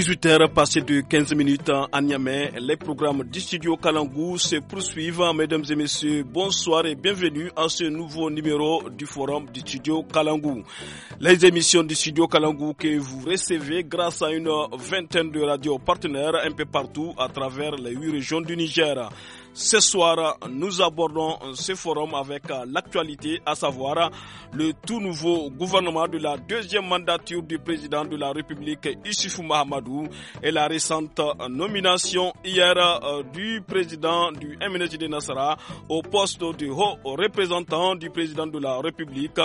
18h passé de 15 minutes à Niamey, les programmes du studio Kalangou se poursuivent. Mesdames et messieurs, bonsoir et bienvenue à ce nouveau numéro du forum du studio Kalangou. Les émissions du studio Kalangou que vous recevez grâce à une vingtaine de radios partenaires un peu partout à travers les huit régions du Niger. Ce soir, nous abordons ce forum avec euh, l'actualité, à savoir le tout nouveau gouvernement de la deuxième mandature du président de la République, Issoufou Mahamadou, et la récente euh, nomination hier euh, du président du MNJD Nassara au poste de haut représentant du président de la République.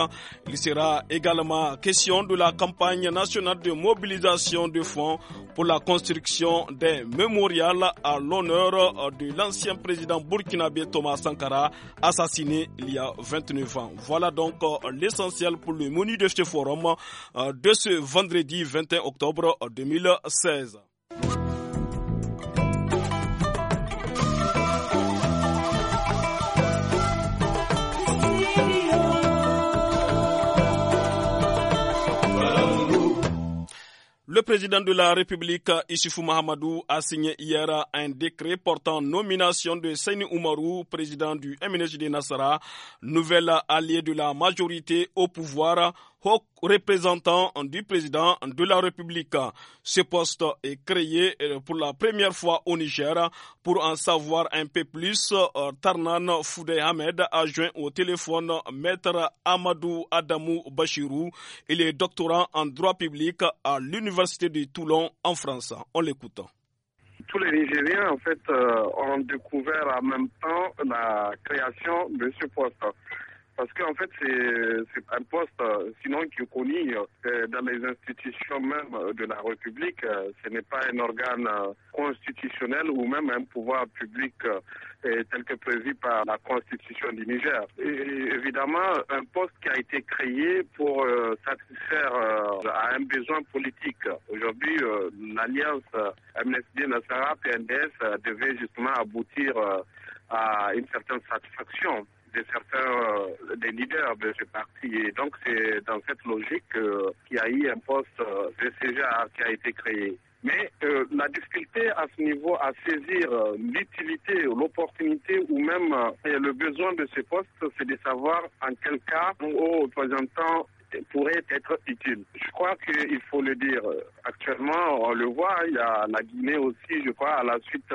Il sera également question de la campagne nationale de mobilisation de fonds pour la construction d'un mémorial à l'honneur de l'ancien président président burkinabé Thomas Sankara, assassiné il y a 29 ans. Voilà donc euh, l'essentiel pour le menu de ce forum euh, de ce vendredi 21 octobre 2016. Le président de la République, Issoufou Mahamadou, a signé hier un décret portant nomination de Seyni Oumarou, président du MNJD Nassara, nouvel allié de la majorité au pouvoir représentant du président de la République. Ce poste est créé euh, pour la première fois au Niger. Pour en savoir un peu plus, euh, Tarnan Foudé Ahmed a joint au téléphone Maître Amadou Adamou Bachirou. Il est doctorant en droit public à l'Université de Toulon en France. On l'écoute tous les Nigériens, en fait, euh, ont découvert en même temps la création de ce poste. Parce qu'en fait, c'est un poste, euh, sinon qui est euh, dans les institutions même euh, de la République. Ce n'est pas un organe constitutionnel ou même un pouvoir public tel que prévu par la Constitution du Niger. Et évidemment, un poste qui a été créé pour satisfaire à un besoin politique. Aujourd'hui, l'alliance msd Nassara PNDS devait justement aboutir à une certaine satisfaction certains euh, des leaders de ce parti. Et donc c'est dans cette logique qui euh, qu'il y a eu un poste euh, de CGA qui a été créé. Mais la difficulté à ce niveau à saisir l'utilité, l'opportunité ou même le besoin de ce poste, c'est de savoir en quel cas haut temps pourrait être utile. Je crois qu'il faut le dire. Actuellement, on le voit, il y a la Guinée aussi, je crois, à la suite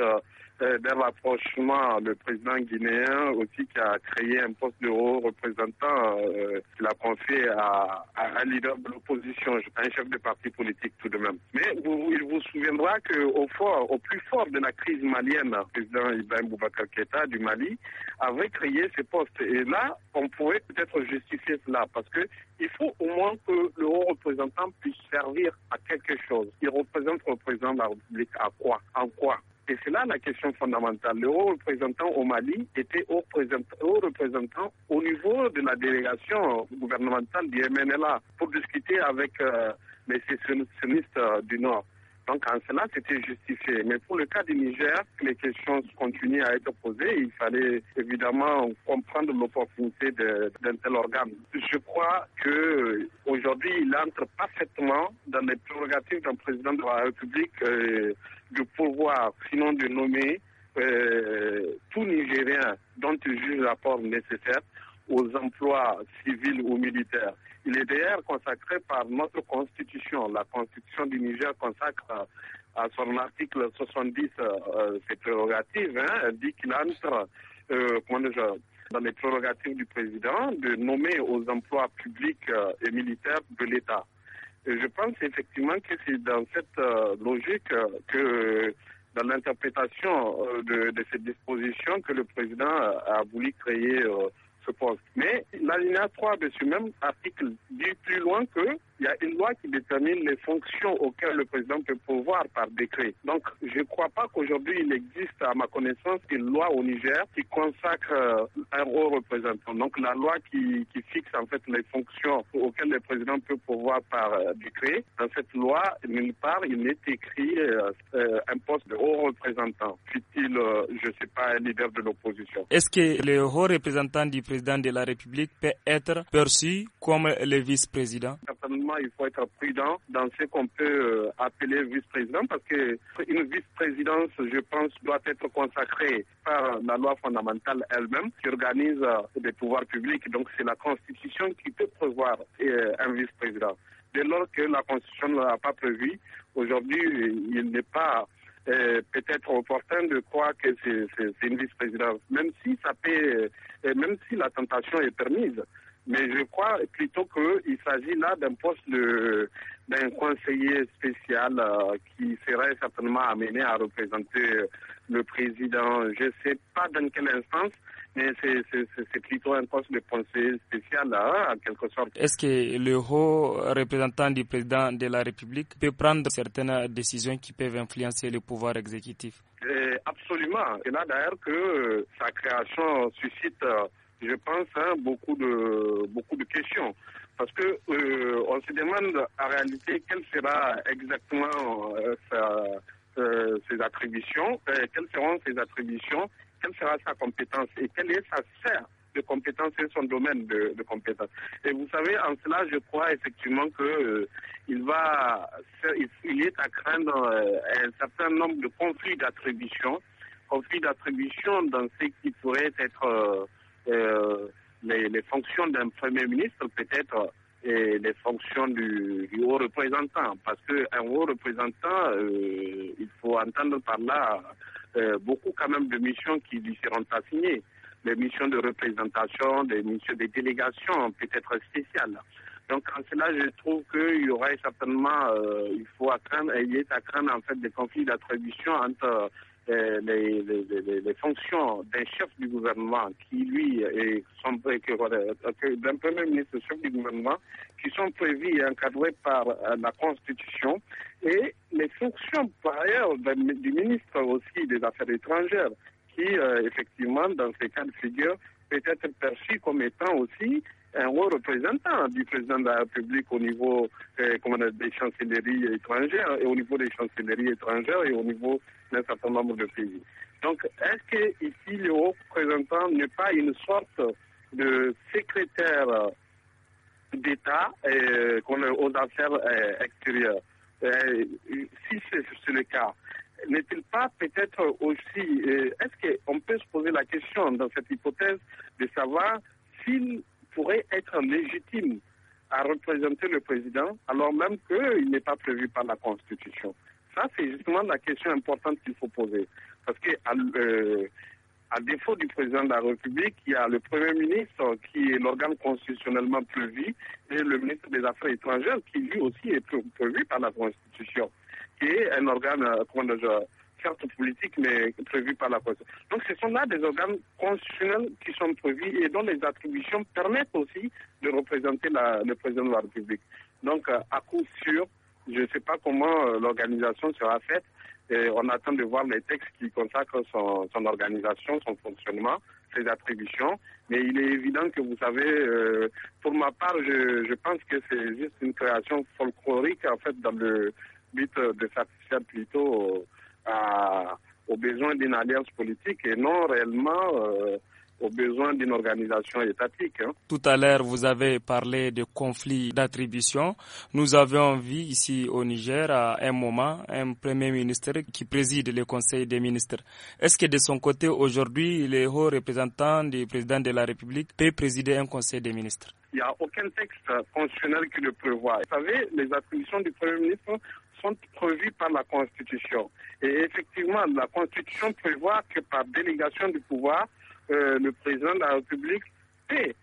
d'un euh, rapprochement, le président guinéen aussi qui a créé un poste de haut représentant il euh, l'a a confié à, un leader de l'opposition, un chef de parti politique tout de même. Mais il vous souviendra qu'au fort, au plus fort de la crise malienne, le président Ibrahim Boubacar Keïta du Mali avait créé ce poste. Et là, on pourrait peut-être justifier cela parce que il faut au moins que le haut représentant puisse servir à quelque chose. Il représente le président de la République à quoi En quoi et c'est là la question fondamentale. Le haut représentant au Mali était haut représentant au niveau de la délégation gouvernementale du MNLA pour discuter avec euh, les sécessionnistes euh, du Nord. Donc en cela, c'était justifié. Mais pour le cas du Niger, les questions continuent à être posées. Il fallait évidemment comprendre l'opportunité d'un tel organe. Je crois qu'aujourd'hui, il entre parfaitement dans les prérogatives d'un président de la République. Euh, de pouvoir sinon de nommer euh, tout Nigérien dont il juge l'apport nécessaire aux emplois civils ou militaires. Il est d'ailleurs consacré par notre Constitution. La Constitution du Niger consacre à, son article 70 euh, ses prérogatives. Elle hein, dit qu'il entre euh, dans les prérogatives du président de nommer aux emplois publics euh, et militaires de l'État je pense effectivement que c'est dans cette euh, logique euh, que, dans l'interprétation euh, de, de cette disposition, que le président a voulu créer ce poste. Mais l'alinéa 3 de ce même article dit plus loin que il y a une loi qui détermine les fonctions auxquelles le président peut pouvoir par décret. Donc, je ne crois pas qu'aujourd'hui il existe, à ma connaissance, une loi au Niger qui consacre euh, un haut représentant. Donc, la loi qui, fixe en fait les fonctions auxquelles le président peut pouvoir par euh, décret. Dans cette loi, nulle part, il n'est écrit euh, un poste de haut représentant. Fut-il, je ne sais pas, un leader de l'opposition. Est-ce que le haut représentant du président de la République peut être perçu comme le vice-président il faut être prudent dans ce qu'on peut euh, appeler vice-président parce que une vice-présidence, je pense, doit être consacrée par la loi fondamentale elle-même qui organise euh, des pouvoirs publics. Donc, c'est la Constitution qui peut prévoir euh, un vice-président. Dès lors que la Constitution ne l'a pas prévu, aujourd'hui, il n'est pas peut-être opportun de croire que c'est une vice-présidence, même si ça peut, même si la tentation est permise. Mais je crois plutôt qu'il s'agit là d'un poste d'un conseiller spécial euh, qui serait certainement amené à représenter euh, le président. Je ne sais pas dans quelle instance, mais c'est plutôt un poste de conseiller spécial, hein, en quelque sorte. Est-ce que le haut représentant du président de la République peut prendre certaines décisions qui peuvent influencer le pouvoir exécutif euh, Absolument. C'est là d'ailleurs que sa création suscite je pense, beaucoup, de, beaucoup de questions. Parce qu'on euh, se demande en réalité quelles sera exactement euh, euh, ses attributions, quelles seront ses attributions, quelle sera sa compétence et quelle est sa sphère de compétence et son domaine de, compétence. Et vous savez, en cela, je crois effectivement que il va, il est à craindre un certain nombre de conflits d'attributions, conflits d'attributions dans ce qui pourrait être euh, les, les, fonctions d'un Premier ministre, peut-être euh, et les fonctions du, haut représentant. Parce qu'un haut représentant, euh, il faut entendre par là beaucoup quand même de missions qui lui seront assignées. Des missions de représentation, des missions de délégation peut-être spéciales. Donc en cela, je trouve qu'il y aurait certainement, il faut attendre il y à craindre en fait des conflits d'attribution entre euh, les, fonctions d'un chef du gouvernement qui, lui, est son, d'un premier ministre, du gouvernement, qui sont prévues et encadrées par euh, la Constitution, et les fonctions, par ailleurs, du ministre aussi des Affaires étrangères, qui, euh, effectivement, dans ces cas de figure, peut être perçu comme étant aussi un haut représentant du président de la République au niveau euh, des chancelleries étrangères et au niveau des chancelleries étrangères et au niveau d'un certain nombre de pays. Donc, est-ce que ici le haut représentant n'est pas une sorte de secrétaire d'État euh, aux affaires euh, extérieures euh, Si c'est le cas, n'est-il pas peut-être aussi, est-ce qu'on peut se poser la question dans cette hypothèse de savoir s'il pourrait être légitime à représenter le président alors même qu'il n'est pas prévu par la Constitution. Ça, c'est justement la question importante qu'il faut poser. Parce que à, euh, défaut du président de la République, il y a le Premier ministre qui est l'organe constitutionnellement prévu et le ministre des Affaires étrangères qui lui aussi est prévu par la Constitution, qui est un organe, euh, carte politique mais prévue par la Constitution. Donc ce sont là des organes constitutionnels qui sont prévus et dont les attributions permettent aussi de représenter le président de la République. Donc euh, à coup sûr, je ne sais pas comment euh, l'organisation sera faite. Et euh, on attend de voir les textes qui consacrent son, organisation, son fonctionnement, ses attributions. Mais il est évident que vous savez, pour ma part, je, je pense que c'est juste une création folklorique en fait dans le but de satisfaire plutôt aux besoins d'une alliance politique et non réellement euh, aux besoins d'une organisation étatique. Hein. Tout à l'heure, vous avez parlé de conflits d'attribution. Nous avons vu ici au Niger, à un moment, un Premier ministre qui préside le Conseil des ministres. Est-ce que de son côté, aujourd'hui, les hauts représentants du président de la République peut présider un Conseil des ministres il n'y a aucun texte fonctionnel qui le prévoit. Vous savez, les attributions du Premier ministre sont prévues par la Constitution. Et effectivement, la Constitution prévoit que par délégation du pouvoir, euh, le président de la République peut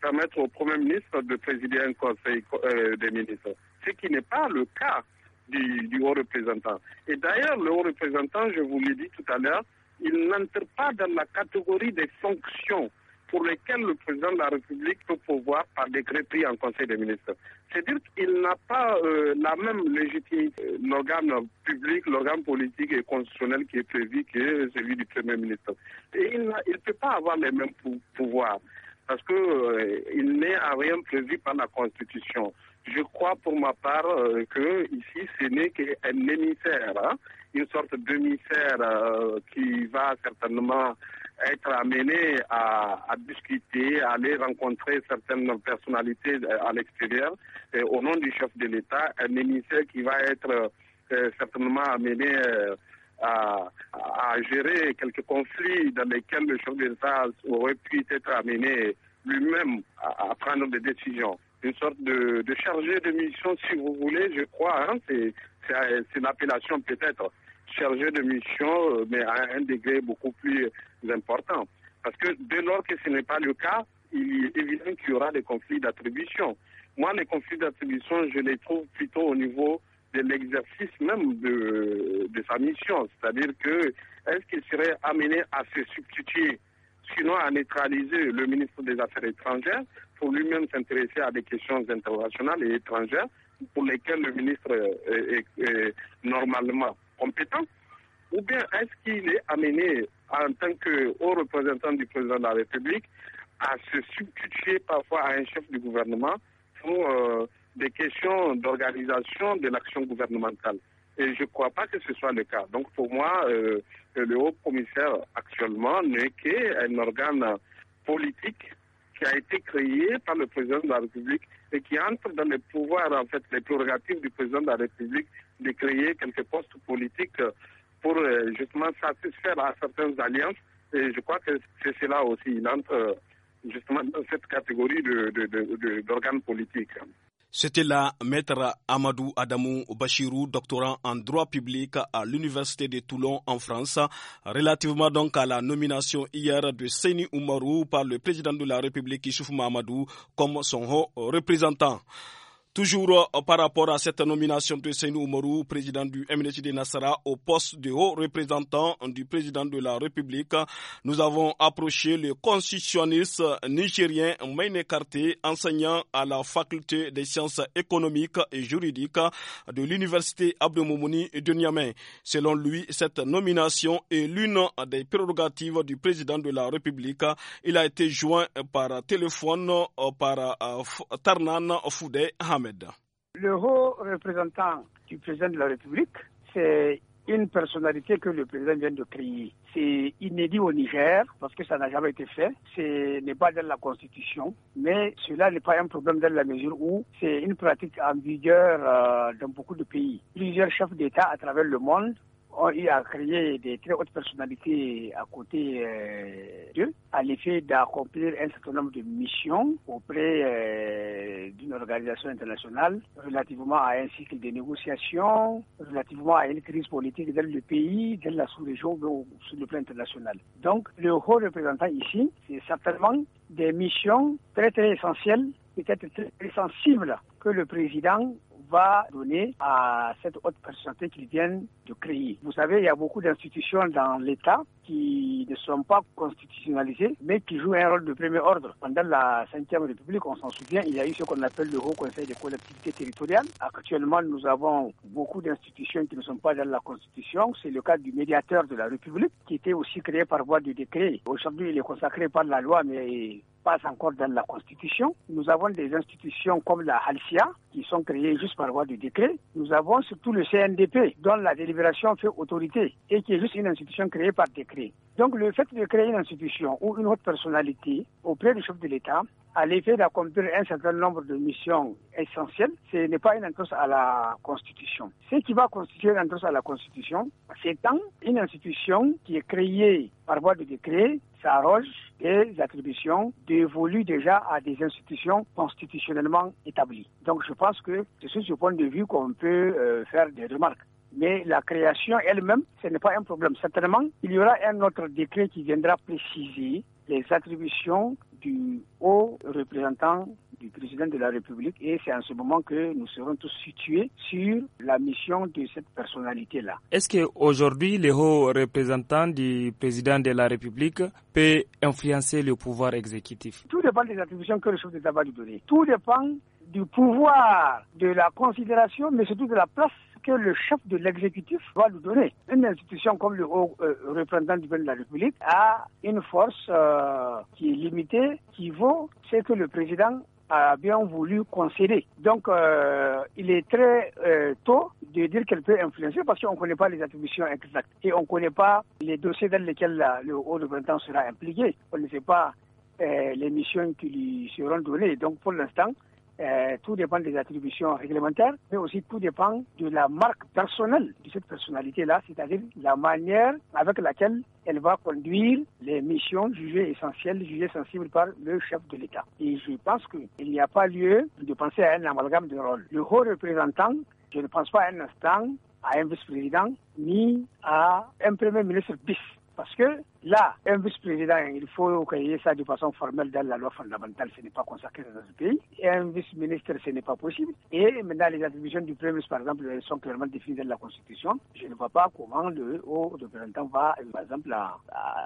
permettre au Premier ministre de présider un conseil euh, des ministres, ce qui n'est pas le cas du, du haut représentant. Et d'ailleurs, le haut représentant, je vous l'ai dit tout à l'heure, il n'entre pas dans la catégorie des fonctions pour lesquels le président de la République peut pouvoir par décret pris en Conseil des ministres. C'est-à-dire qu'il n'a pas euh, la même légitimité, euh, l'organe public, l'organe politique et constitutionnel qui est prévu que celui du Premier ministre. Et il ne peut pas avoir les mêmes pouvoirs parce qu'il euh, n'est à rien prévu par la Constitution. Je crois pour ma part que ici, ce n'est qu'un émissaire, hein. une sorte d'émissaire qui va certainement être amené à, discuter, à aller rencontrer certaines personnalités euh, à l'extérieur et au nom du chef de l'État, un émissaire qui va être euh, certainement amené euh, à, gérer quelques conflits dans lesquels le chef de l'État aurait pu être amené lui-même à, prendre des décisions. Une sorte de, chargé de mission, si vous voulez, je crois, hein. C'est une appellation peut-être chargé de mission, euh, mais à un degré beaucoup plus important. Parce que dès lors que ce n'est pas le cas, il est évident qu'il y aura des conflits d'attribution. Moi, les conflits d'attribution, je les trouve plutôt au niveau de l'exercice même de, sa mission. C'est-à-dire que est-ce qu'il serait amené à se substituer, sinon à neutraliser le ministre des Affaires étrangères pour lui-même s'intéresser à des questions internationales et étrangères pour lesquelles le ministre est normalement compétent Ou bien est-ce qu'il est amené en tant que haut représentant du président de la République à se substituer parfois à un chef du gouvernement pour euh, des questions d'organisation de l'action gouvernementale et je ne crois pas que ce soit le cas. Donc pour moi, euh, le haut commissaire actuellement n'est qu'un organe politique qui a été créé par le président de la République et qui entre dans les pouvoirs, en fait, les prérogatives du président de la République de créer quelques postes politiques pour euh, justement satisfaire à certaines alliances. Et je crois que c'est cela aussi. Il entre euh, justement dans cette catégorie d'organes politiques. C'était là Maître Amadou Adamou Bachirou, doctorant en droit public à l'Université de Toulon en France, relativement donc à la nomination hier de Seni Oumarou par le président de la République Issoufou Mahamadou comme son haut représentant. Toujours euh, par rapport à cette nomination de Seyni Oumarou, président du MNHD Nassara, au poste de haut représentant du président de la République, nous avons approché le constitutionniste nigérien Maine Karté, enseignant à la faculté des sciences économiques et juridiques de l'université Abdelmoumouni de Niamey. Selon lui, cette nomination est l'une des prérogatives du président de la République. Il a été joint par téléphone euh, par euh, Tarnan Foudé Hamed. Le haut représentant du président de la République, c'est une personnalité que le président vient de créer. C'est inédit au Niger parce que ça n'a jamais été fait. Ce n'est pas dans la Constitution, mais cela n'est pas un problème dans la mesure où c'est une pratique en vigueur euh, dans beaucoup de pays. Plusieurs chefs d'État à travers le monde ont eu à créé des très hautes personnalités à côté euh, d'eux, à l'effet d'accomplir un certain nombre de missions auprès euh, d'une organisation internationale relativement à un cycle de négociations, relativement à une crise politique dans le pays, dans la sous-région, ou sur le plan international. Donc, le haut représentant ici, c'est certainement des missions très très essentielles, peut-être très, très sensibles que le président va donner à cette haute personnalité qu'ils viennent de créer. Vous savez, il y a beaucoup d'institutions dans l'État qui ne sont pas constitutionnalisées, mais qui jouent un rôle de premier ordre. Pendant la Ve République, on s'en souvient, il y a eu ce qu'on appelle le Haut Conseil des collectivités territoriales. Actuellement, nous avons beaucoup d'institutions qui ne sont pas dans la Constitution. C'est le cas du médiateur de la République, qui était aussi créé par voie de décret. Aujourd'hui, il est consacré par la loi, mais pas encore dans la Constitution. Nous avons des institutions comme la Halcia qui sont créées juste par voie du décret. Nous avons surtout le CNDP dont la délibération fait autorité et qui est juste une institution créée par décret. Donc le fait de créer une institution ou une autre personnalité auprès du chef de l'État à l'effet d'accomplir un certain nombre de missions essentielles, ce n'est pas une entorse à la Constitution. Ce qui va constituer une entorse à la Constitution, c'est tant une institution qui est créée par voie de décret s'arroge des attributions dévolues déjà à des institutions constitutionnellement établies. Donc je pense que c'est sur ce point de vue qu'on peut euh, faire des remarques. Mais la création elle-même, ce n'est pas un problème. Certainement, il y aura un autre décret qui viendra préciser les attributions du haut représentant du président de la République et c'est en ce moment que nous serons tous situés sur la mission de cette personnalité-là. Est-ce qu'aujourd'hui, le haut représentant du président de la République peut influencer le pouvoir exécutif Tout dépend des attributions que le chef d'État va lui donner. Tout dépend du pouvoir, de la considération, mais surtout de la place que le chef de l'exécutif va nous donner. Une institution comme le haut euh, représentant du président de la République a une force euh, qui est limitée, qui vaut ce que le président a bien voulu concéder. Donc, euh, il est très tôt de dire qu'elle peut influencer parce qu'on ne connaît pas les attributions exactes et on ne connaît pas les dossiers dans lesquels le haut représentant sera impliqué. On ne sait pas les missions qui lui seront données. Donc, pour l'instant, euh, tout dépend des attributions réglementaires, mais aussi tout dépend de la marque personnelle de cette personnalité-là, c'est-à-dire la manière avec laquelle elle va conduire les missions jugées essentielles, jugées sensibles par le chef de l'État. Et je pense qu'il n'y a pas lieu de penser à un amalgame de rôles. Le haut représentant, je ne pense pas un instant à un vice-président ni à un premier ministre bis, parce que Là, un vice-président, il faut qu'il ça de façon formelle dans la loi fondamentale. Ce n'est pas consacré dans ce pays. Et un vice-ministre, ce n'est pas possible. Et maintenant, les attributions du Premier ministre, par exemple, sont clairement définies dans la Constitution. Je ne vois pas comment le haut représentant va, par exemple,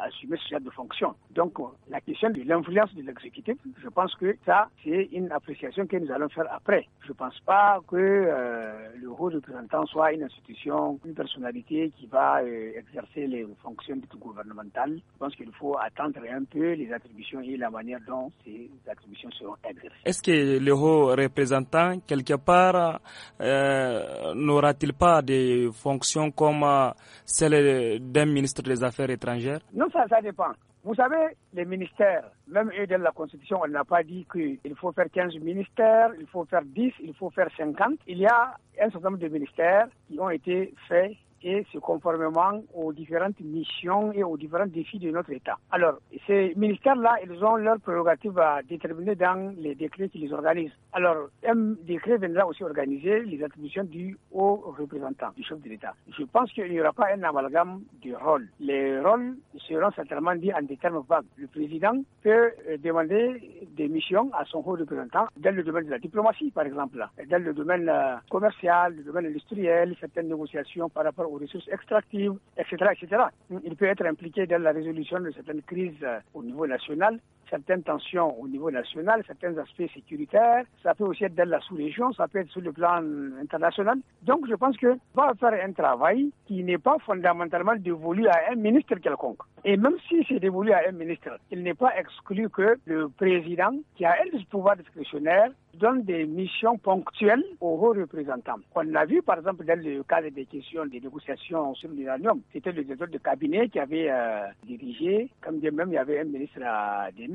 assumer ce genre de fonction. Donc, la question de l'influence de l'exécutif, je pense que ça, c'est une appréciation que nous allons faire après. Je ne pense pas que euh, le haut représentant soit une institution, une personnalité qui va euh, exercer les fonctions du gouvernemental je pense qu'il faut attendre un peu les attributions et la manière dont ces attributions seront exercées. Est-ce que le haut représentant, quelque part, euh, n'aura-t-il pas des fonctions comme euh, celle d'un ministre des Affaires étrangères Non, ça, ça dépend. Vous savez, les ministères, même eux, dans la Constitution, on n'a pas dit qu'il faut faire 15 ministères, il faut faire 10, il faut faire 50. Il y a un certain nombre de ministères qui ont été faits et c'est conformément aux différentes missions et aux différents défis de notre État. Alors, ces ministères-là, ils ont leurs prérogatives à déterminer dans les décrets qui les organisent. Alors, un décret viendra aussi organiser les attributions du haut représentant, du chef de l'État. Je pense qu'il n'y aura pas un amalgame de rôle. Les rôles seront certainement dits en des termes vagues. Le président peut euh, demander des missions à son haut représentant dans le domaine de la diplomatie, par exemple, dans le domaine euh, commercial, le domaine industriel, certaines négociations par rapport aux ressources extractives, etc., etc. Il peut être impliqué dans la résolution de certaines crises euh, au niveau national, certaines tensions au niveau national, certains aspects sécuritaires. Ça peut aussi être dans la sous-région, ça peut être sur le plan international. Donc, je pense que va faire un travail qui n'est pas fondamentalement dévolu à un ministre quelconque. Et même si c'est dévolu à un ministre, il n'est pas exclu que le président, qui a un pouvoir discrétionnaire, donne des missions ponctuelles aux hauts représentants. On l'a vu, par exemple, dans le cadre des questions des négociations sur l'uranium, c'était le directeur de cabinet qui avait euh, dirigé, comme de même il y avait un ministre à des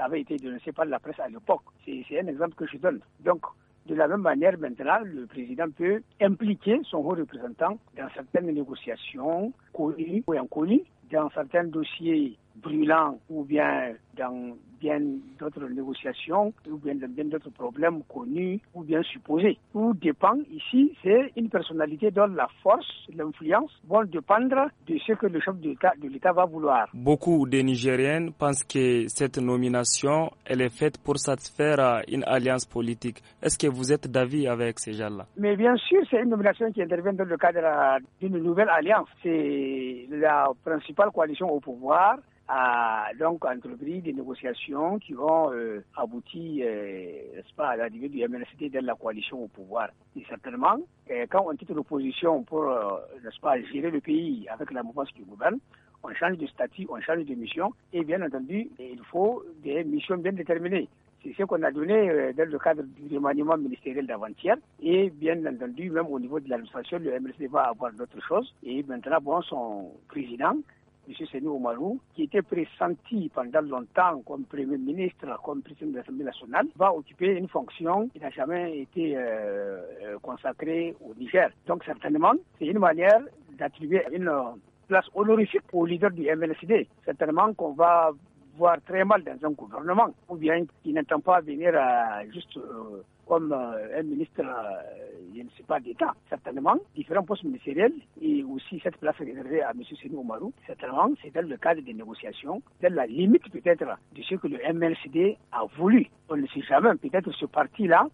ça avait été dénoncé par la presse à l'époque. C'est un exemple que je donne. Donc, de la même manière, maintenant, le président peut impliquer son haut représentant dans certaines négociations connues ou inconnues dans certains dossiers brûlants ou bien dans bien d'autres négociations ou bien dans bien d'autres problèmes connus ou bien supposés. Tout dépend ici, c'est une personnalité dont la force, l'influence vont dépendre de ce que le chef de l'État va vouloir. Beaucoup de Nigériens pensent que cette nomination, elle est faite pour satisfaire une alliance politique. Est-ce que vous êtes d'avis avec ces gens-là Mais bien sûr, c'est une nomination qui intervient dans le cadre d'une nouvelle alliance. C'est la principale la coalition au pouvoir a donc entrepris des négociations qui vont euh, aboutir, abouti euh, ce pas, à l'arrivée du MNCD dans la coalition au pouvoir. Et certainement, euh, quand on quitte l'opposition pour n'est-ce pas, gérer le pays avec la mouvance qui gouvernement, on change de statut, on change de mission, et bien entendu, il faut des missions bien déterminées. C'est ce qu'on a donné dans le cadre du remaniement ministériel d'avant-hier. Et bien entendu, même au niveau de l'administration, le MLC va avoir d'autres choses. Et maintenant, bon, son président M. Senou Malou, qui était pressenti pendant longtemps comme Premier ministre, comme président de l'Assemblée nationale, va occuper une fonction qui n'a jamais été euh, euh, consacrée au Niger. Donc certainement, c'est une manière d'attribuer une place honorifique au leader du MLCD. Certainement qu'on va très mal dans un gouvernement, ou bien qui n'entend pas venir euh, juste euh, comme euh, un ministre, je ne sais pas, d'État, certainement, différents postes ministériels, et aussi cette place réservée à M. Sénou certainement, c'est dans le cadre des négociations, dans la limite peut-être de ce que le MLCD a voulu. On ne sait jamais, peut-être ce parti-là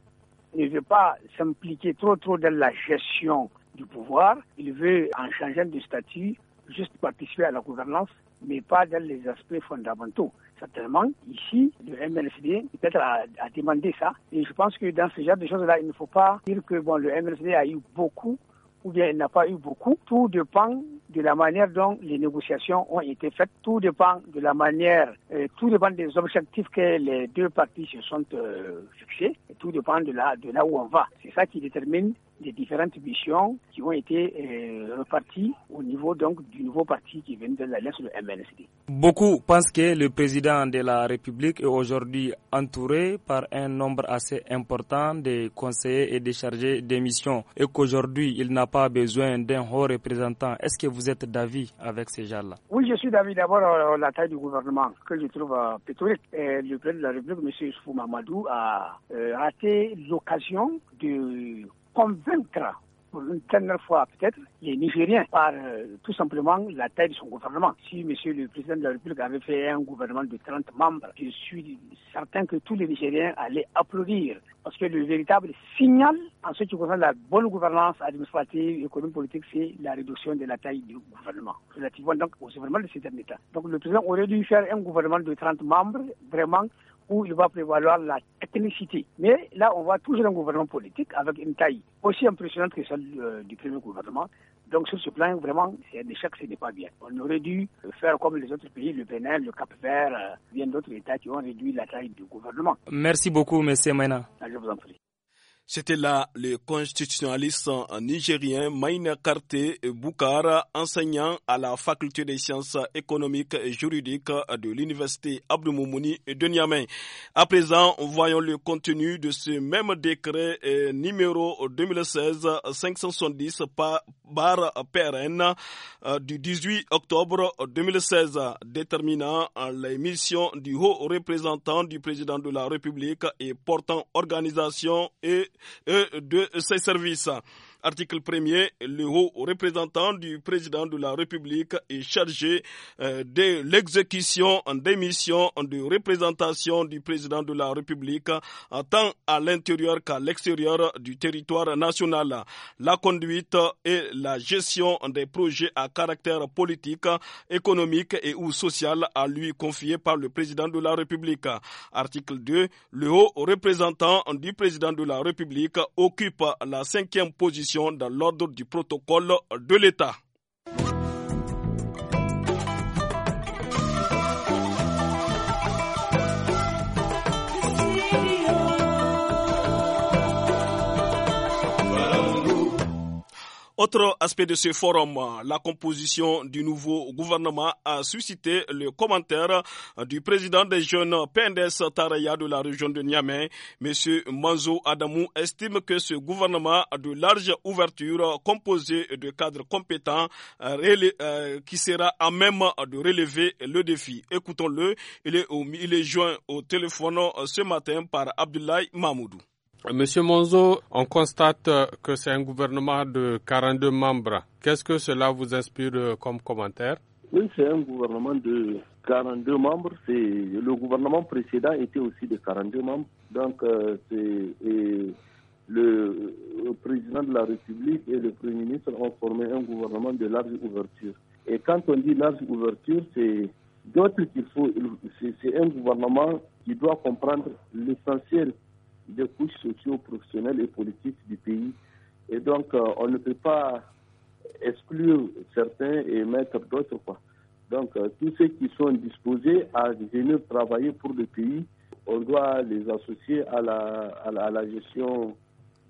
ne veut pas s'impliquer trop trop dans la gestion du pouvoir, il veut, en changeant de statut, juste participer à la gouvernance mais pas dans les aspects fondamentaux. Certainement, ici, le MLCD peut-être a, demandé ça. Et je pense que dans ce genre de choses-là, il ne faut pas dire que bon, le MLCD a eu beaucoup ou bien il n'a pas eu beaucoup. Tout dépend de la manière dont les négociations ont été faites. Tout dépend de la manière, euh, tout dépend des objectifs que les deux parties se sont euh, fixés. Et tout dépend de là, de là où on va. C'est ça qui détermine des différentes missions qui ont été euh, reparties au niveau donc du nouveau parti qui vient de l'alliance de MNSD. Beaucoup pensent que le président de la République est aujourd'hui entouré par un nombre assez important de conseillers et de chargés des missions et qu'aujourd'hui il n'a pas besoin d'un haut représentant. Est-ce que vous êtes d'avis avec ces gens-là Oui, je suis d'avis d'abord euh, la taille du gouvernement que je trouve euh, et le président de la République, M. Soufou Mamadou, a euh, raté l'occasion de convaincre pour une dernière fois peut-être les Nigériens par euh, tout simplement la taille de son gouvernement. Si Monsieur le Président de la République avait fait un gouvernement de 30 membres, je suis certain que tous les Nigériens allaient applaudir parce que le véritable signal en ce qui concerne la bonne gouvernance administrative, économique, politique, c'est la réduction de la taille du gouvernement, relativement donc au gouvernement de cet État. Donc le Président aurait dû faire un gouvernement de 30 membres, vraiment, où il va prévaloir la mais là, on voit toujours un gouvernement politique avec une taille aussi impressionnante que celle euh, du premier gouvernement. Donc sur ce plan, vraiment, c'est un échec, ce n'est pas bien. On aurait dû faire comme les autres pays, le Bénin, le Cap Vert, euh, bien d'autres États qui ont réduit la taille du gouvernement. Merci beaucoup, M. Mena. Ah, je vous en prie. C'était là le constitutionnaliste nigérien Maïna Karté Boukara, enseignant à la faculté des sciences économiques et juridiques de l'université Abdoumoumouni de Niamey. À présent, voyons le contenu de ce même décret euh, numéro 2016-570 par PRN du 18 octobre 2016, déterminant euh, les missions du haut représentant du président de la République et portant organisation et de ces services. Article 1er, le haut représentant du président de la République est chargé euh, de l'exécution des missions de représentation du président de la République tant à l'intérieur qu'à l'extérieur du territoire national. La conduite et la gestion des projets à caractère politique, économique et ou social à lui confiés par le président de la République. Article 2, le haut représentant du président de la République occupe la cinquième position dans l'ordre du protocole de l'État. Autre aspect de ce forum, euh, la composition du nouveau gouvernement a suscité le commentaire euh, du président des jeunes PNDS Taraya de la région de Niamey. Monsieur Manzo Adamou estime que ce gouvernement a de larges ouvertures euh, composé de cadres compétents qui sera à même de relever le défi. Écoutons-le, il, est il est joint au téléphone ce matin par Abdoulaye Mamoudou. Monsieur Monzo, on constate que c'est un gouvernement de 42 membres. Qu'est-ce que cela vous inspire comme commentaire Oui, c'est un gouvernement de 42 membres. C'est le gouvernement précédent était aussi de 42 membres. Donc euh, le, président de la République et le Premier ministre ont formé un gouvernement de large ouverture. Et quand on dit large ouverture, c'est d'autres qu'il faut. C'est un gouvernement qui doit comprendre l'essentiel des couches socio-professionnelles et politiques du pays. Et donc, euh, on ne peut pas exclure certains et mettre d'autres. Quoi. Donc, euh, tous ceux qui sont disposés à venir travailler pour le pays, on doit les associer à la, la, gestion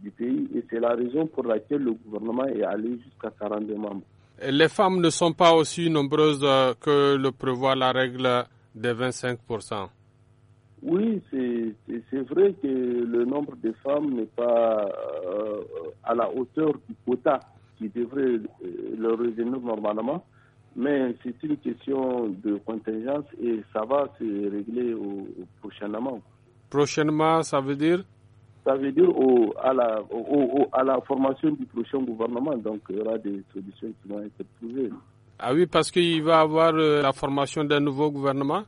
du pays. Et c'est la raison pour laquelle le gouvernement est allé jusqu'à 42 membres. les femmes ne sont pas aussi nombreuses euh, que le prévoit la règle des 25 oui, c'est vrai que le nombre de femmes n'est pas euh, à la hauteur du quota qui devrait euh, le revenir normalement, mais c'est une question de contingence et ça va se régler prochainement. Prochainement, ça veut dire ça veut dire au, à, la, à la formation du prochain gouvernement. Donc, il y aura des solutions qui vont être trouvées. Ah oui, parce qu'il va y avoir euh, la formation d'un nouveau gouvernement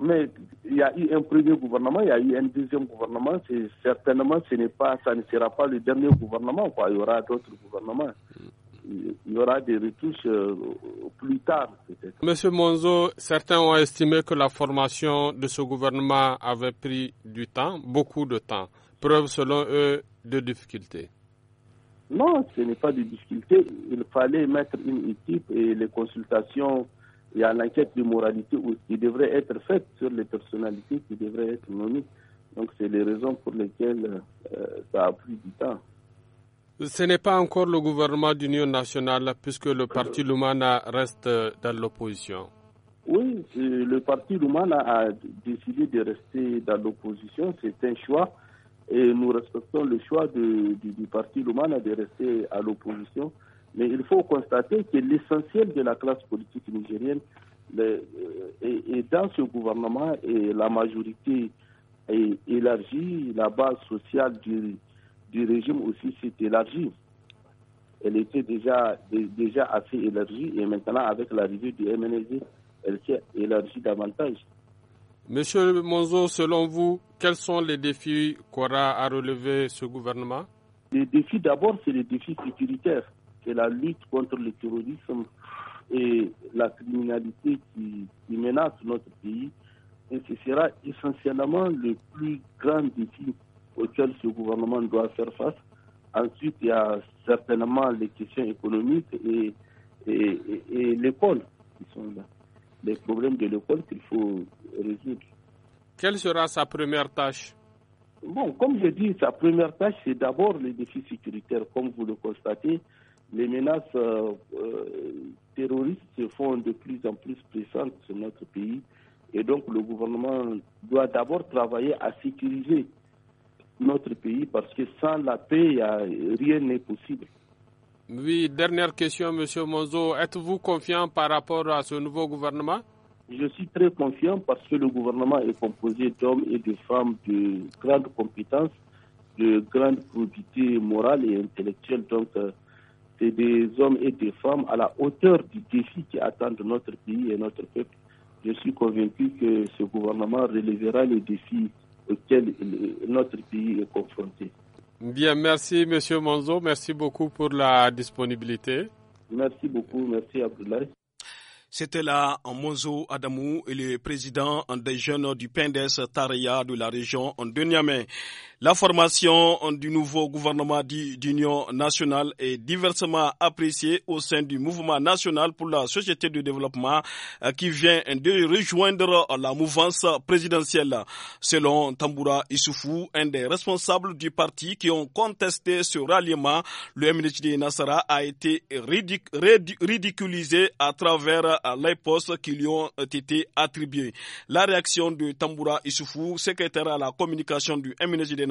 mais il y a eu un premier gouvernement, il y a eu un deuxième gouvernement. Certainement, ce n'est pas, ça ne sera pas le dernier gouvernement. Il y aura d'autres gouvernements. Il y aura des retouches euh, plus tard, Monsieur Monzo, certains ont estimé que la formation de ce gouvernement avait pris du temps, beaucoup de temps. Preuve, selon eux, de difficultés. Non, ce n'est pas de difficultés. Il fallait mettre une équipe et les consultations il y a l'enquête de moralité qui devrait être faite sur les personnalités qui devraient être nommées. Donc c'est les raisons pour lesquelles euh, ça a pris du temps. Ce n'est pas encore le gouvernement d'union nationale puisque le parti Lumana reste euh, dans l'opposition. Oui, euh, le parti Lumana a décidé de rester dans l'opposition. C'est un choix et nous respectons le choix du, parti Lumana de rester à l'opposition. Mais il faut constater que l'essentiel de la classe politique nigérienne euh, est dans ce gouvernement et la majorité est élargie, la base sociale du, régime aussi s'est élargie. Elle était déjà, déjà assez élargie et maintenant avec l'arrivée du MNSD, elle s'est élargie davantage. Monsieur Monzo, selon vous, quels sont les défis qu'aura à relever ce gouvernement Les défis d'abord, c'est les défis sécuritaires c'est la lutte contre le terrorisme et la criminalité qui, menace notre pays. Et ce sera essentiellement le plus grand défi auquel ce gouvernement doit faire face. Ensuite, il y a certainement les questions économiques et, et, et, l'école qui sont là. Les problèmes de l'école qu'il faut résoudre. Quelle sera sa première tâche Bon, comme je dis, sa première tâche, c'est d'abord le défi sécuritaire, comme vous le constatez les menaces euh, euh, terroristes se font de plus en plus pressantes sur notre pays. Et donc le gouvernement doit d'abord travailler à sécuriser notre pays parce que sans la paix, rien n'est possible. Oui, dernière question, Monsieur Monzo. Êtes-vous confiant par rapport à ce nouveau gouvernement Je suis très confiant parce que le gouvernement est composé d'hommes et de femmes de grandes compétences, de grande probité morale et intellectuelle. Donc, euh, des hommes et des femmes à la hauteur du défi qui attend notre pays et notre peuple. Je suis convaincu que ce gouvernement relèvera les défis auxquels notre pays est confronté. Bien, merci M. Monzo, merci beaucoup pour la disponibilité. Merci beaucoup, merci Abdoulaye. C'était là en Monzo Adamou et le président des jeunes du PENDES Taria de la région en main. La formation du nouveau gouvernement d'union nationale est diversement appréciée au sein du mouvement national pour la société de développement euh, qui vient de rejoindre la mouvance présidentielle. Selon Tamboura Issoufou, un des responsables du parti qui ont contesté ce ralliement, le MNHD Nassara a été ridiculisé à travers euh, les postes qui lui ont été attribués. La réaction de Tamboura Issoufou, secrétaire à la communication du MNHD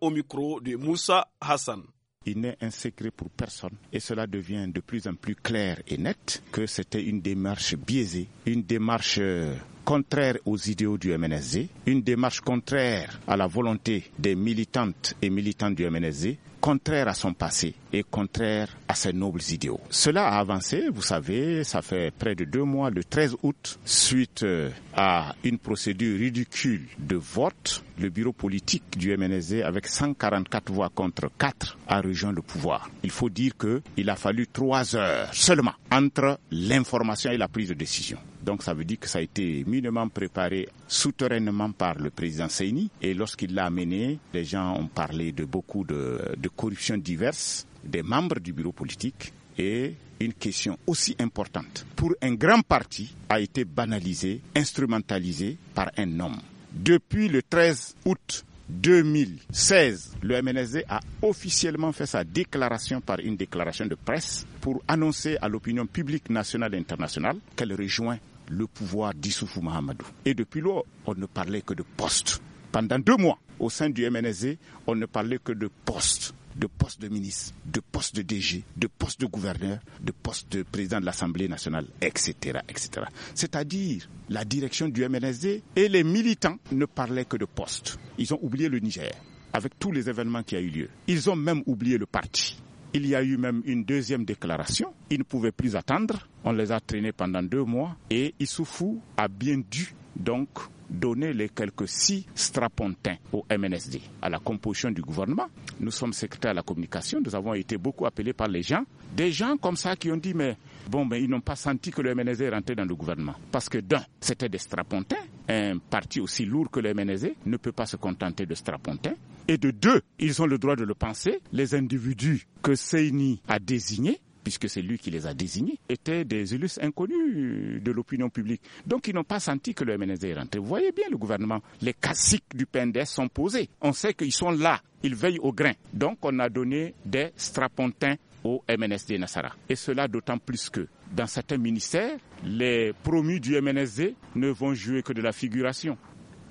au micro de Moussa Hassan. Il n'est un secret pour personne et cela devient de plus en plus clair et net que c'était une démarche biaisée, une démarche euh, contraire aux idéaux du MNSD, une démarche contraire à la volonté des militantes et militants du MNSD, contraire à son passé et contraire à ses nobles idéaux. Cela a avancé, vous savez, ça fait près de deux mois, le 13 août, suite euh, à une procédure ridicule de vote, le bureau politique du MNSD, avec 144 voix contre 4, a rejoint le pouvoir. Il faut dire qu'il a fallu trois heures seulement entre l'information et la prise de décision. Donc ça veut dire que ça a été minement préparé souterrainement par le président Seini. Et lorsqu'il l'a amené, les gens ont parlé de beaucoup de, corruption diverse des membres du bureau politique et une question aussi importante pour un grand parti a été banalisée, instrumentalisée par un homme. Depuis le 13 août 2016, le MNSD a officiellement fait sa déclaration par une déclaration de presse pour annoncer à l'opinion publique nationale et internationale qu'elle rejoint le pouvoir d'Issoufou Mahamadou. Et depuis lors, on ne parlait que de poste. Pendant deux mois, au sein du MNSD, on ne parlait que de poste de poste de ministre, de poste de DG, de poste de gouverneur, de poste de président de l'Assemblée nationale, etc., etc. C'est-à-dire, la direction du MNSD et les militants ne parlaient que de poste. Ils ont oublié le Niger, avec tous les événements qui ont eu lieu. Ils ont même oublié le parti. Il y a eu même une deuxième déclaration. Ils ne pouvaient plus attendre. On les a traînés pendant deux mois et Issoufou a bien dû donc donner les quelques six strapontins au MNSD, à la composition du gouvernement. Nous sommes secrétaires à la communication, nous avons été beaucoup appelés par les gens, des gens comme ça qui ont dit mais bon, mais ils n'ont pas senti que le MNSD rentrait dans le gouvernement. Parce que d'un, c'était des strapontins, un parti aussi lourd que le MNSD ne peut pas se contenter de strapontins. Et de deux, ils ont le droit de le penser. Les individus que Seini a désignés puisque c'est lui qui les a désignés, étaient des élus inconnus de l'opinion publique. Donc ils n'ont pas senti que le MNSD est rentré. Vous voyez bien le gouvernement, les caciques du PND sont posés. On sait qu'ils sont là, ils veillent au grain. Donc on a donné des strapontins au MNSD Nassara. Et cela d'autant plus que dans certains ministères, les promus du MNSD ne vont jouer que de la figuration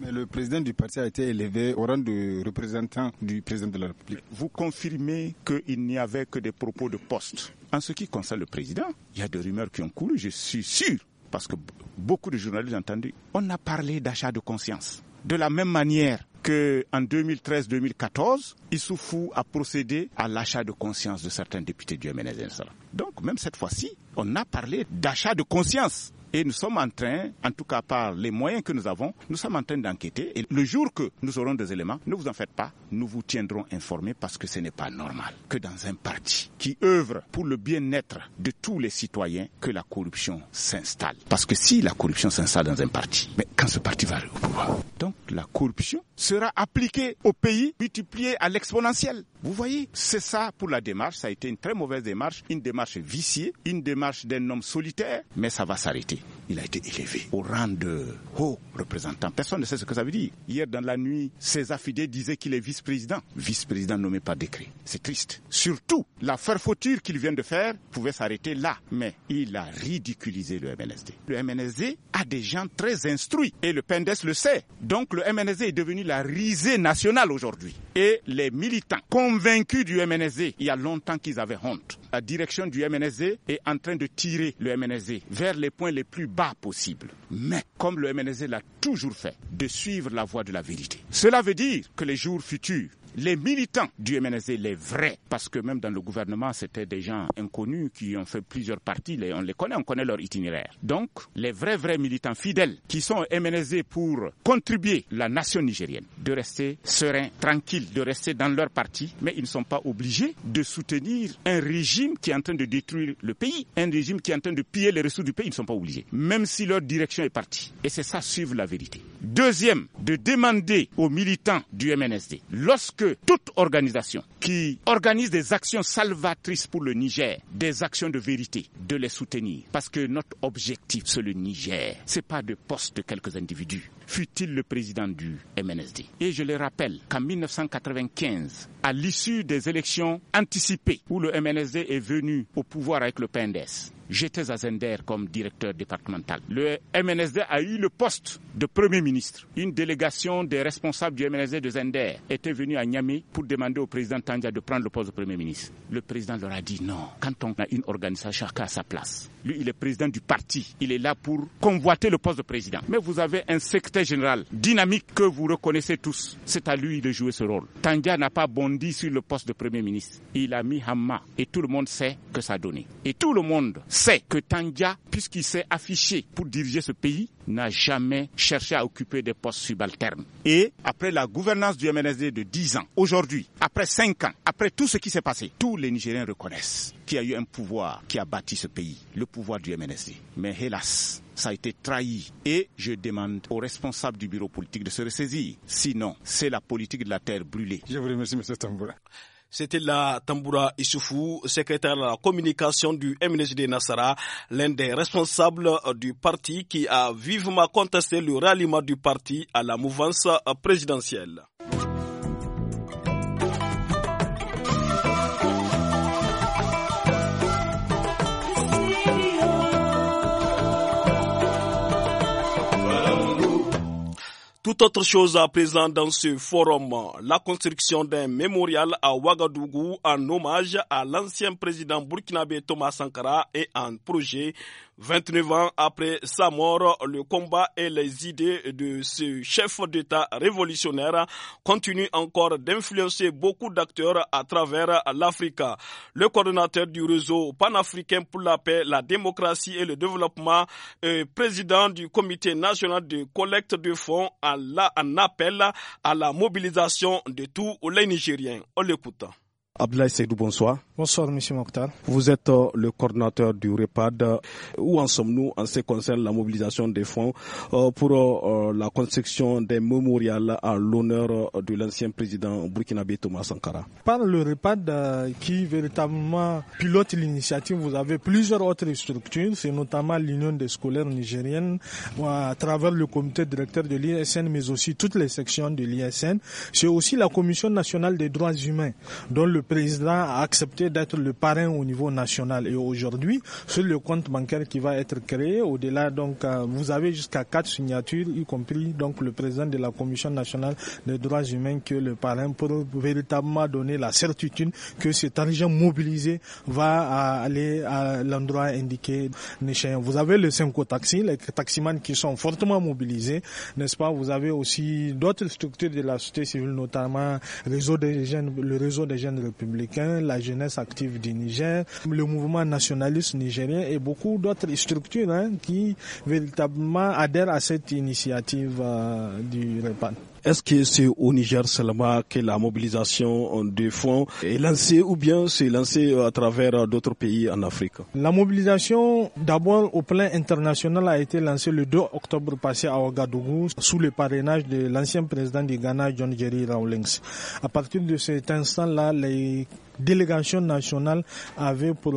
le président du parti a été élevé au rang de représentant du président de la République. Vous confirmez qu'il n'y avait que des propos de poste. En ce qui concerne le président, il y a des rumeurs qui ont couru, je suis sûr, parce que beaucoup de journalistes ont entendu. On a parlé d'achat de conscience. De la même manière que en 2013-2014, Issoufou a procédé à l'achat de conscience de certains députés du MNSN. Donc même cette fois-ci, on a parlé d'achat de conscience. Et nous sommes en train, en tout cas par les moyens que nous avons, nous sommes en train d'enquêter. Et le jour que nous aurons des éléments, ne vous en faites pas, nous vous tiendrons informés parce que ce n'est pas normal que dans un parti qui œuvre pour le bien-être de tous les citoyens, que la corruption s'installe. Parce que si la corruption s'installe dans un parti, mais quand ce parti va au pouvoir, donc la corruption sera appliquée au pays, multipliée à l'exponentielle. Vous voyez, c'est ça pour la démarche. Ça a été une très mauvaise démarche, une démarche viciée, une démarche d'un homme solitaire, mais ça va s'arrêter. Il a été élevé au rang de haut représentant. Personne ne sait ce que ça veut dire. Hier, dans la nuit, ses affidés disaient qu'il est vice-président. Vice-président nommé par décret. C'est triste. Surtout, la faire-fauture qu'il vient de faire pouvait s'arrêter là. Mais il a ridiculisé le MNSD. Le MNSD a des gens très instruits et le pendes le sait. Donc le MNSD est devenu la risée nationale aujourd'hui. Et les militants convaincus du MNZ, Il y a longtemps qu'ils avaient honte. La direction du MNZ est en train de tirer le MNZ vers les points les plus bas possibles. Mais comme le MNZ l'a toujours fait, de suivre la voie de la vérité. Cela veut dire que les jours futurs les militants du MNSD, les vrais, parce que même dans le gouvernement, c'était des gens inconnus qui ont fait plusieurs parties on les connaît, on connaît leur itinéraire. Donc, les vrais, vrais militants fidèles qui sont MNSD pour contribuer la nation nigérienne, de rester serein, tranquille, de rester dans leur parti, mais ils ne sont pas obligés de soutenir un régime qui est en train de détruire le pays, un régime qui est en train de piller les ressources du pays, ils ne sont pas obligés, même si leur direction est partie. Et c'est ça, suivre la vérité. Deuxième, de demander aux militants du MNSD, lorsque que toute organisation qui organise des actions salvatrices pour le Niger, des actions de vérité, de les soutenir. Parce que notre objectif, c'est le Niger. C'est pas de poste de quelques individus fut-il le président du MNSD. Et je le rappelle qu'en 1995, à l'issue des élections anticipées où le MNSD est venu au pouvoir avec le PNDS, J'étais à Zender comme directeur départemental. Le MNSD a eu le poste de Premier ministre. Une délégation des responsables du MNSD de Zender était venue à Niamey pour demander au président Tandja de prendre le poste de Premier ministre. Le président leur a dit non. Quand on a une organisation, chacun à sa place. Lui, il est président du parti. Il est là pour convoiter le poste de président. Mais vous avez un secteur général dynamique que vous reconnaissez tous, c'est à lui de jouer ce rôle. Tangia n'a pas bondi sur le poste de Premier ministre. Il a mis Hamma et tout le monde sait que ça a donné. Et tout le monde sait que Tangia, puisqu'il s'est affiché pour diriger ce pays, n'a jamais cherché à occuper des postes subalternes. Et après la gouvernance du MNSD de 10 ans, aujourd'hui, après 5 ans, après tout ce qui s'est passé, tous les Nigériens reconnaissent qu'il y a eu un pouvoir qui a bâti ce pays, le pouvoir du MNSD. Mais hélas, ça a été trahi. Et je demande aux responsables du bureau politique de se ressaisir. Sinon, c'est la politique de la terre brûlée. Je vous remercie, M. Tamboura. C'était la Tamboura Issoufou, secrétaire de la communication du MNSD Nassara, l'un des responsables euh, du parti qui a vivement contesté le ralliement du parti à la mouvance euh, présidentielle. Toute autre chose à présent dans ce forum, la construction d'un mémorial à Ouagadougou en hommage à l'ancien président burkinabé Thomas Sankara et en projet 29 ans après sa mort, le combat et les idées de ce chef d'État révolutionnaire continuent encore d'influencer beaucoup d'acteurs à travers l'Afrique. Le coordonnateur du réseau panafricain pour la paix, la démocratie et le développement, euh, président du comité national de collecte de fonds à un appel à la mobilisation de tous les Nigériens. On l'écoute. Abdoulaye Seydou, bonsoir. Bonsoir, Monsieur Mokhtar. Vous êtes euh, le coordinateur du REPAD. Où en sommes-nous en ce qui concerne la mobilisation des fonds euh, pour euh, la construction des mémorial à l'honneur de l'ancien président burkinabé Thomas Sankara Par le REPAD qui véritablement pilote l'initiative, vous avez plusieurs autres structures, c'est notamment l'Union des scolaires nigériennes à travers le comité directeur de l'ISN, mais aussi toutes les sections de l'ISN. C'est aussi la Commission nationale des droits humains, dont le président a accepté d'être le parrain au niveau national. Et aujourd'hui, sur le compte bancaire qui va être créé, au-delà, donc, euh, vous avez jusqu'à quatre signatures, y compris donc le président de la Commission nationale des droits humains que le parrain pour véritablement donner la certitude que cet argent mobilisé va aller à l'endroit indiqué. Vous avez le Semco Taxi, les taximans qui sont fortement mobilisés, n'est-ce pas Vous avez aussi d'autres structures de la société civile, notamment réseau des jeunes, le réseau des jeunes républicain, la jeunesse active du Niger, le mouvement nationaliste nigérien et beaucoup d'autres structures hein, qui véritablement adhèrent à cette initiative euh, du REPAN. Est-ce que c'est au Niger seulement que la mobilisation de fonds est lancée ou bien c'est lancée euh, à travers euh, d'autres pays en Afrique La mobilisation, d'abord au plan international, a été lancée le 2 octobre passé à Ouagadougou sous le parrainage de l'ancien président du Ghana, John Jerry Rawlings. À partir de cet instant-là, les délégation nationale avait pour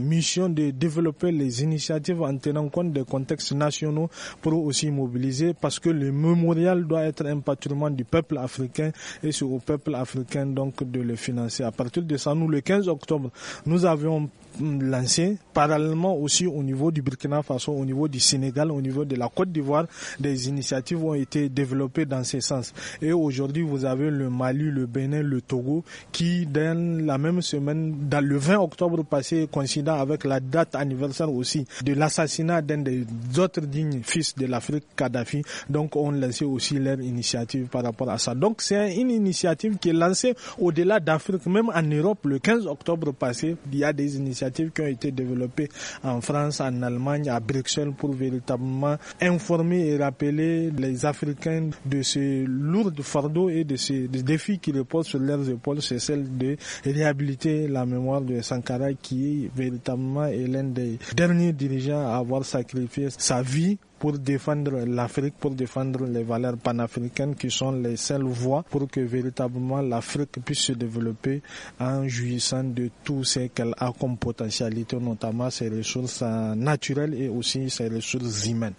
mission de développer les initiatives en tenant compte des contextes nationaux pour aussi mobiliser parce que le mémorial doit être un patrimoine du peuple africain et c'est au peuple africain donc de le financer. À partir de ça, nous, le 15 octobre, nous avions lancé parallèlement aussi au niveau du Burkina Faso, au niveau du Sénégal, au niveau de la Côte d'Ivoire, des initiatives ont été développées dans ce sens. Et aujourd'hui, vous avez le Mali, le Bénin, le Togo, qui dans la même semaine, dans le 20 octobre passé, coïncidant avec la date anniversaire aussi de l'assassinat d'un des autres dignes fils de l'Afrique, Kadhafi, donc ont lancé aussi leur initiative par rapport à ça. Donc c'est une initiative qui est lancée au-delà d'Afrique, même en Europe, le 15 octobre passé, il y a des initiatives initiatives qui ont été développées en France, en Allemagne, à Bruxelles pour véritablement informer et rappeler les Africains de ce lourd fardeau et de ces défis qui reposent sur leurs épaules, c'est celle de réhabiliter la mémoire de Sankara qui véritablement est l'un des derniers dirigeants à avoir sacrifié sa vie pour défendre l'Afrique, pour défendre les valeurs panafricaines qui sont les seules voies pour que véritablement l'Afrique puisse se développer en jouissant de tout ce qu'elle a comme potentialité, notamment ses ressources naturelles et aussi ses ressources humaines.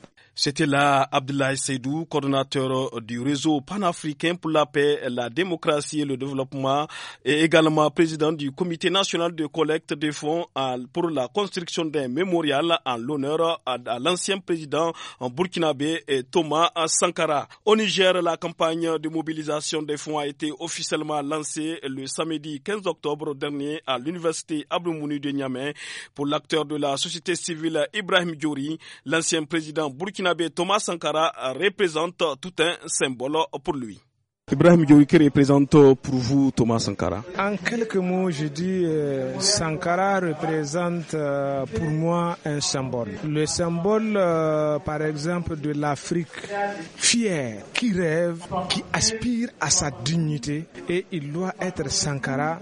C'était là Abdoulaye Seydou, coordonnateur euh, du réseau panafricain pour la paix, la démocratie et le développement, et également président du comité national de collecte des fonds pour la construction d'un mémorial en l'honneur à l'ancien président burkinabé Thomas Sankara. Au Niger, la campagne de mobilisation des fonds a été officiellement lancée le samedi 15 octobre dernier à l'université Abdoumouni de Niamey pour l'acteur de la société civile Ibrahim Diori, l'ancien président burkinabé Thomas Sankara représente tout un symbole pour lui. Ibrahim Diouikir représente pour vous Thomas Sankara. En quelques mots, je dis euh, Sankara représente euh, pour moi un symbole. Le symbole, euh, par exemple, de l'Afrique fière, qui rêve, qui aspire à sa dignité. Et il doit être Sankara,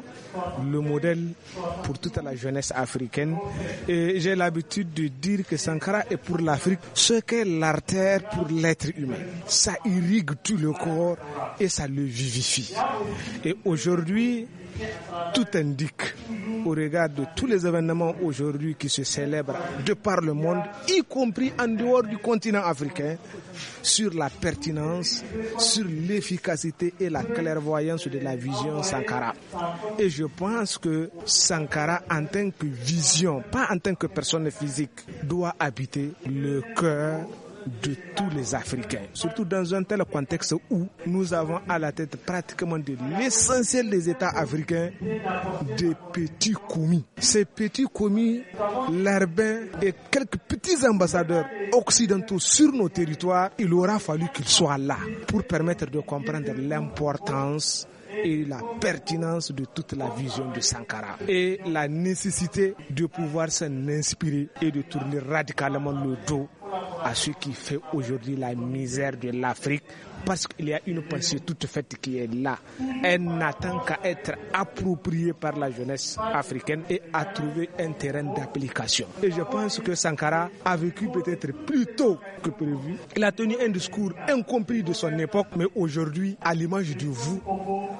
le modèle pour toute la jeunesse africaine. Et j'ai l'habitude de dire que Sankara est pour l'Afrique ce qu'est l'artère pour l'être humain. Ça irrigue tout le corps et ça ça le vivifie. Et aujourd'hui, tout indique, au regard de tous les événements aujourd'hui qui se célèbrent de par le monde, y compris en dehors du continent africain, sur la pertinence, sur l'efficacité et la clairvoyance de la vision Sankara. Et je pense que Sankara, en tant que vision, pas en tant que personne physique, doit habiter le cœur de tous les Africains, surtout dans un tel contexte où nous avons à la tête pratiquement de l'essentiel des États africains des petits commis. Ces petits commis, l'arbin et quelques petits ambassadeurs occidentaux sur nos territoires, il aura fallu qu'ils soient là pour permettre de comprendre l'importance et la pertinence de toute la vision de Sankara et la nécessité de pouvoir s'en inspirer et de tourner radicalement le dos à ce qui fait aujourd'hui la misère de l'Afrique parce qu'il y a une pensée toute faite qui est là. Elle n'attend qu'à être appropriée par la jeunesse africaine et à trouver un terrain d'application. Et je pense que Sankara a vécu peut-être plus tôt que prévu. Il a tenu un discours incompris de son époque, mais aujourd'hui, à l'image de vous,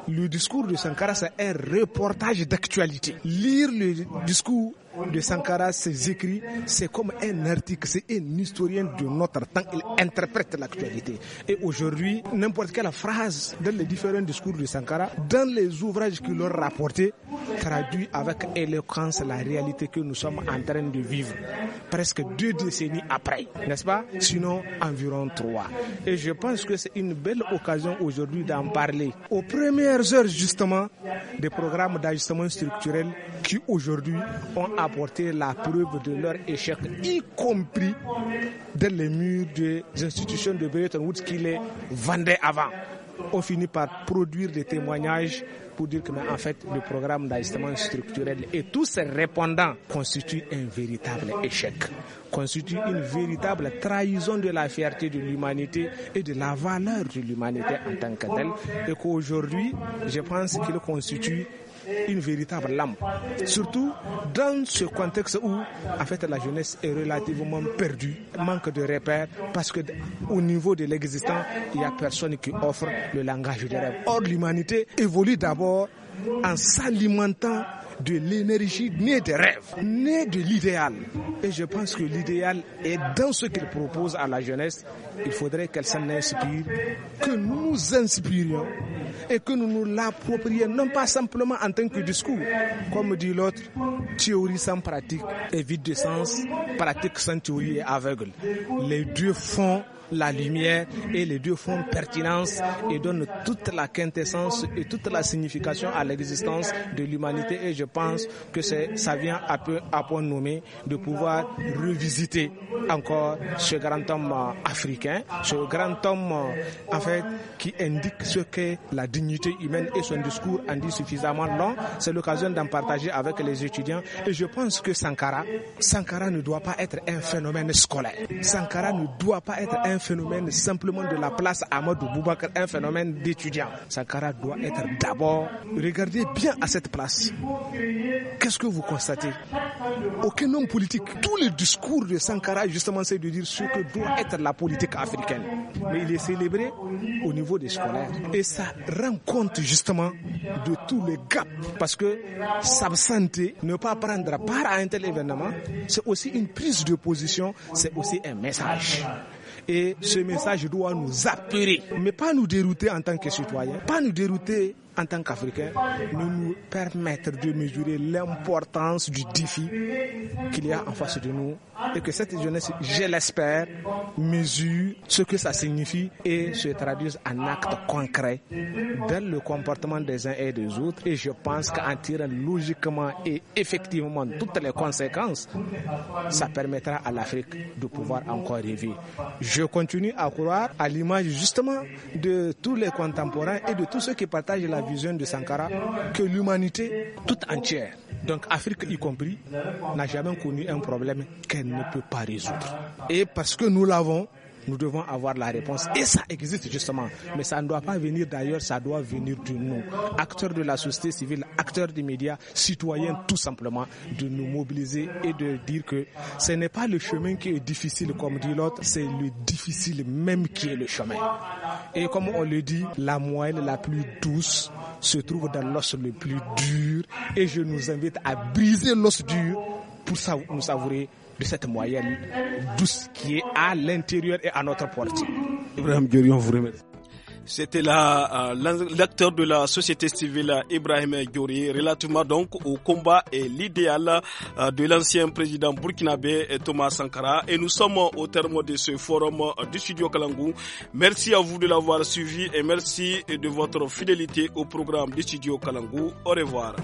le discours de Sankara, c'est un reportage d'actualité. Lire le discours de Sankara, ses écrits, c'est comme un article, c'est un historien de notre temps. Il interprète l'actualité. Et aujourd'hui, n'importe quelle phrase dans les différents discours de Sankara, dans les ouvrages qui leur rapporté, traduit avec éloquence la réalité que nous sommes en train de vivre, presque deux décennies après, n'est-ce pas Sinon, environ trois. Et je pense que c'est une belle occasion aujourd'hui d'en parler. Aux premières heures, justement, des programmes d'ajustement structurel qui, aujourd'hui, ont apporté la preuve de leur échec, y compris dans les murs des institutions de Bretton Woods qui les vendait avant. On finit par produire des témoignages pour dire que, en fait, le programme d'ajustement structurel et tous ces répondants constituent un véritable échec, constituent une véritable trahison de la fierté de l'humanité et de la valeur de l'humanité en tant que telle, et qu'aujourd'hui, je pense qu'il constitue une véritable lampe. Surtout dans ce contexte où, en fait, la jeunesse est relativement perdue, manque de repères, parce que au niveau de l'existant, il n'y a personne qui offre le langage des rêves. Or, l'humanité évolue d'abord en s'alimentant de l'énergie née des rêves, née de l'idéal. Et je pense que l'idéal est dans ce qu'il propose à la jeunesse. Il faudrait qu'elle s'en inspire, que nous inspirions et que nous nous l'approprions, non pas simplement en tant que discours, comme dit l'autre, théorie sans pratique est vide de sens, pratique sans théorie est aveugle. Les deux font la lumière et les deux font pertinence et donnent toute la quintessence et toute la signification à l'existence de l'humanité. Et je pense que ça vient à peu à point nommé de pouvoir revisiter encore ce grand homme euh, africain, ce grand homme euh, en fait qui indique ce qu'est la dignité humaine et son discours en dit suffisamment long. C'est l'occasion d'en partager avec les étudiants. Et je pense que Sankara, Sankara ne doit pas être un phénomène scolaire. Sankara ne doit pas être un phénomène simplement de la place Amadou Boubacar, un phénomène d'étudiant. Sankara doit être d'abord regardez bien à cette place. Qu'est-ce que vous constatez Aucun homme politique. Tout le discours de Sankara, justement, c'est de dire ce que doit être la politique africaine. Mais il est célébré au niveau des scolaires. Et ça rend compte, justement, de tous les gaps. Parce que s'absenter, ne pas prendre part à un tel événement, c'est aussi une prise de position, c'est aussi un message. Et ce message doit nous appeler, mais pas nous dérouter en tant que citoyens, pas nous dérouter en tant qu'Africains, nous nous permettre de mesurer l'importance du défi qu'il y a en face de nous et que cette jeunesse, je l'espère, mesure ce que ça signifie et se traduise en actes concrets dans le comportement des uns et des autres. Et je pense qu'en tirant logiquement et effectivement toutes les conséquences, ça permettra à l'Afrique de pouvoir encore vivre. Je continue à croire à l'image justement de tous les contemporains et de tous ceux qui partagent la vie vision de Sankara que l'humanité toute entière, donc Afrique y compris, n'a jamais connu un problème qu'elle ne peut pas résoudre. Et parce que nous l'avons, nous devons avoir la réponse. Et ça existe justement. Mais ça ne doit pas venir d'ailleurs, ça doit venir de nous. Acteurs de la société civile, acteurs des médias, citoyens tout simplement, de nous mobiliser et de dire que ce n'est pas le chemin qui est difficile, comme dit l'autre, c'est le difficile même qui est le chemin. Et comme on le dit, la moelle la plus douce se trouve dans l'os le plus dur. Et je nous invite à briser l'os dur pour nous savourer de cette moyenne douce qui est à l'intérieur et à notre porte. Ibrahim vous remercie. C'était euh, l'acteur de la société civile Ibrahim Gyori, relativement donc au combat et l'idéal euh, de l'ancien président burkinabé Thomas Sankara. Et nous sommes au terme de ce forum du studio Kalangou. Merci à vous de l'avoir suivi et merci de votre fidélité au programme du studio Kalangou. Au revoir.